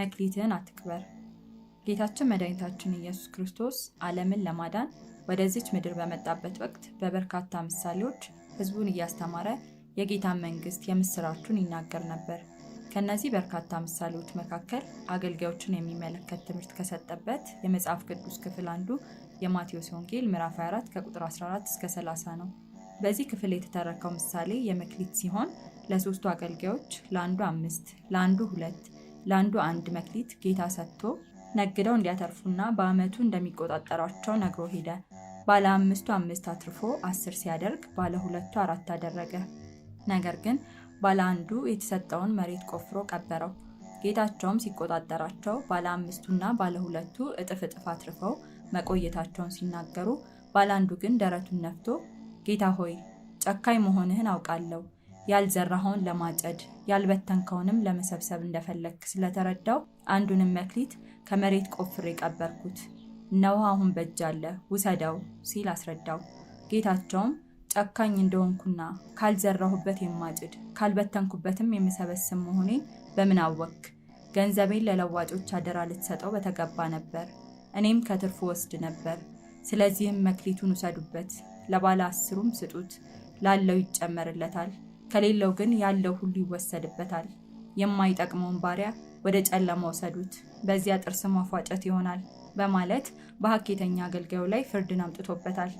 መክሊትን አትክበር። ጌታችን መድኃኒታችን ኢየሱስ ክርስቶስ ዓለምን ለማዳን ወደዚች ምድር በመጣበት ወቅት በበርካታ ምሳሌዎች ሕዝቡን እያስተማረ የጌታን መንግሥት የምሥራቹን ይናገር ነበር። ከእነዚህ በርካታ ምሳሌዎች መካከል አገልጋዮችን የሚመለከት ትምህርት ከሰጠበት የመጽሐፍ ቅዱስ ክፍል አንዱ የማቴዎስ ወንጌል ምዕራፍ 24 ከቁጥር 14 እስከ 30 ነው። በዚህ ክፍል የተተረከው ምሳሌ የመክሊት ሲሆን ለሦስቱ አገልጋዮች ለአንዱ አምስት ለአንዱ ሁለት ለአንዱ አንድ መክሊት ጌታ ሰጥቶ ነግደው እንዲያተርፉና በአመቱ እንደሚቆጣጠሯቸው ነግሮ ሄደ። ባለ አምስቱ አምስት አትርፎ አስር ሲያደርግ ባለ ሁለቱ አራት አደረገ። ነገር ግን ባለ አንዱ የተሰጠውን መሬት ቆፍሮ ቀበረው። ጌታቸውም ሲቆጣጠራቸው ባለ አምስቱና ባለ ሁለቱ እጥፍ እጥፍ አትርፈው መቆየታቸውን ሲናገሩ፣ ባለ አንዱ ግን ደረቱን ነፍቶ ጌታ ሆይ ጨካኝ መሆንህን አውቃለሁ ያልዘራኸውን ለማጨድ ያልበተንከውንም ለመሰብሰብ እንደፈለግክ ስለተረዳው አንዱንም መክሊት ከመሬት ቆፍሬ ቀበርኩት፣ እነሆ አሁን በእጅ አለ ውሰደው ሲል አስረዳው። ጌታቸውም ጨካኝ እንደሆንኩና ካልዘራሁበት የማጭድ ካልበተንኩበትም የምሰበስብ መሆኔ በምን አወቅክ? ገንዘቤን ለለዋጮች አደራ ልትሰጠው በተገባ ነበር፣ እኔም ከትርፉ ወስድ ነበር። ስለዚህም መክሊቱን ውሰዱበት፣ ለባለ አስሩም ስጡት፣ ላለው ይጨመርለታል ከሌለው ግን ያለው ሁሉ ይወሰድበታል። የማይጠቅመውን ባሪያ ወደ ጨለማ ውሰዱት፣ በዚያ ጥርስ ማፏጨት ይሆናል በማለት በሀኬተኛ አገልጋዩ ላይ ፍርድን አምጥቶበታል።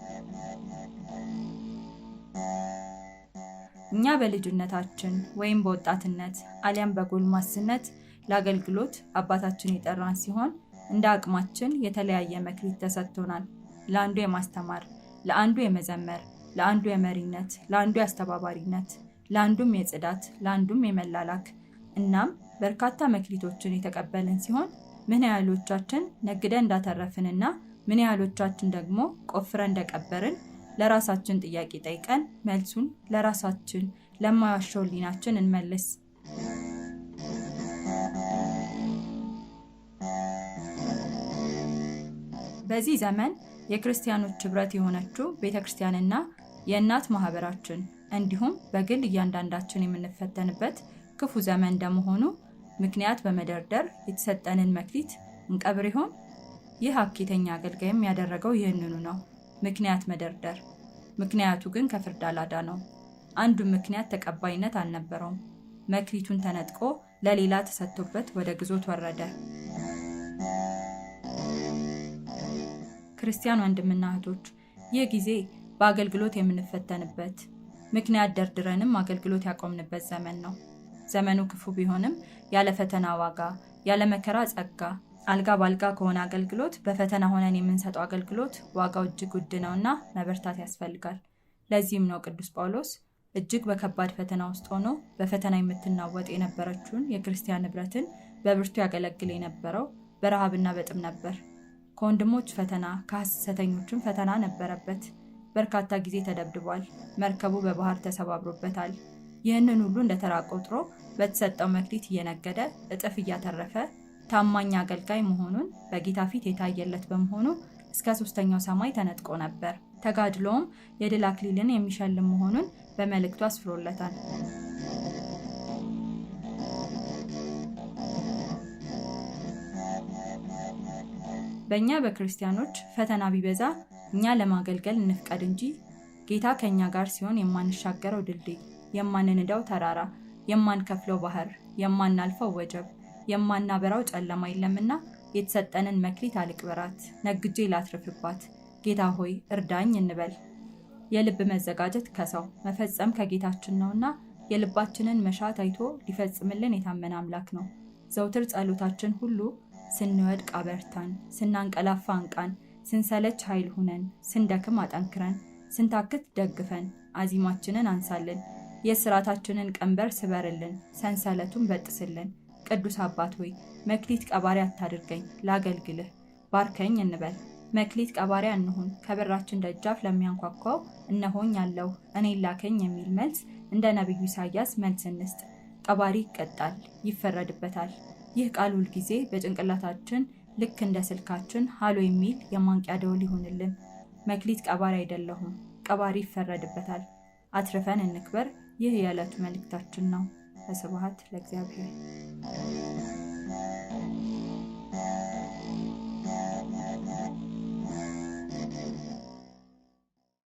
እኛ በልጅነታችን ወይም በወጣትነት አሊያም በጎልማስነት ለአገልግሎት አባታችን የጠራን ሲሆን እንደ አቅማችን የተለያየ መክሊት ተሰጥቶናል። ለአንዱ የማስተማር፣ ለአንዱ የመዘመር፣ ለአንዱ የመሪነት፣ ለአንዱ የአስተባባሪነት ለአንዱም የጽዳት ለአንዱም የመላላክ እናም በርካታ መክሊቶችን የተቀበልን ሲሆን ምን ያህሎቻችን ነግደን እንዳተረፍንና ምን ያህሎቻችን ደግሞ ቆፍረን እንደቀበርን ለራሳችን ጥያቄ ጠይቀን መልሱን ለራሳችን ለማያሻው እንመልስ። በዚህ ዘመን የክርስቲያኖች ኅብረት የሆነችው ቤተክርስቲያንና የእናት ማህበራችን እንዲሁም በግል እያንዳንዳችን የምንፈተንበት ክፉ ዘመን እንደመሆኑ ምክንያት በመደርደር የተሰጠንን መክሊት እንቀብር ይሆን? ይህ ሀኬተኛ አገልጋይም ያደረገው ይህንኑ ነው፣ ምክንያት መደርደር። ምክንያቱ ግን ከፍርድ አላዳ ነው። አንዱን ምክንያት ተቀባይነት አልነበረውም። መክሊቱን ተነጥቆ ለሌላ ተሰጥቶበት ወደ ግዞት ወረደ። ክርስቲያን ወንድምና እህቶች ይህ ጊዜ በአገልግሎት የምንፈተንበት ምክንያት ደርድረንም አገልግሎት ያቆምንበት ዘመን ነው። ዘመኑ ክፉ ቢሆንም ያለ ፈተና ዋጋ፣ ያለ መከራ ጸጋ፣ አልጋ ባልጋ ከሆነ አገልግሎት በፈተና ሆነን የምንሰጠው አገልግሎት ዋጋው እጅግ ውድ ነውና መበርታት ያስፈልጋል። ለዚህም ነው ቅዱስ ጳውሎስ እጅግ በከባድ ፈተና ውስጥ ሆኖ በፈተና የምትናወጥ የነበረችውን የክርስቲያን ንብረትን በብርቱ ያገለግል የነበረው በረሃብና በጥም ነበር። ከወንድሞች ፈተና ከሐሰተኞችም ፈተና ነበረበት። በርካታ ጊዜ ተደብድቧል። መርከቡ በባህር ተሰባብሮበታል። ይህንን ሁሉ እንደተራ ቆጥሮ በተሰጠው መክሊት እየነገደ እጥፍ እያተረፈ ታማኝ አገልጋይ መሆኑን በጌታ ፊት የታየለት በመሆኑ እስከ ሶስተኛው ሰማይ ተነጥቆ ነበር። ተጋድሎም የድል አክሊልን የሚሸልም መሆኑን በመልእክቱ አስፍሮለታል። በእኛ በክርስቲያኖች ፈተና ቢበዛ እኛ ለማገልገል እንፍቀድ እንጂ ጌታ ከእኛ ጋር ሲሆን የማንሻገረው ድልድይ፣ የማንንዳው ተራራ፣ የማንከፍለው ባህር፣ የማናልፈው ወጀብ፣ የማናበራው ጨለማ የለምና የተሰጠንን መክሊት አልቅበራት፣ ነግጄ ላትርፍባት፣ ጌታ ሆይ እርዳኝ እንበል። የልብ መዘጋጀት ከሰው መፈጸም ከጌታችን ነውና የልባችንን መሻት አይቶ ሊፈጽምልን የታመነ አምላክ ነው። ዘውትር ጸሎታችን ሁሉ ስንወድቅ አበርታን፣ ስናንቀላፋ አንቃን፣ ስንሰለች ኃይል ሁነን፣ ስንደክም አጠንክረን፣ ስንታክት ደግፈን፣ አዚማችንን አንሳልን፣ የስራታችንን ቀንበር ስበርልን፣ ሰንሰለቱን በጥስልን። ቅዱስ አባት ሆይ መክሊት ቀባሪ አታድርገኝ፣ ላገልግልህ ባርከኝ እንበል። መክሊት ቀባሪ አንሆን ከበራችን ደጃፍ ለሚያንኳኳው እነሆኝ ያለው እኔ ላከኝ የሚል መልስ እንደ ነቢዩ ኢሳያስ መልስ እንስጥ። ቀባሪ ይቀጣል፣ ይፈረድበታል። ይህ ቃል ሁል ጊዜ በጭንቅላታችን ልክ እንደ ስልካችን ሃሎ የሚል የማንቂያ ደወል ይሆንልን። መክሊት ቀባሪ አይደለሁም፣ ቀባሪ ይፈረድበታል። አትርፈን እንክበር። ይህ የዕለቱ መልእክታችን ነው። ስብሐት ለእግዚአብሔር።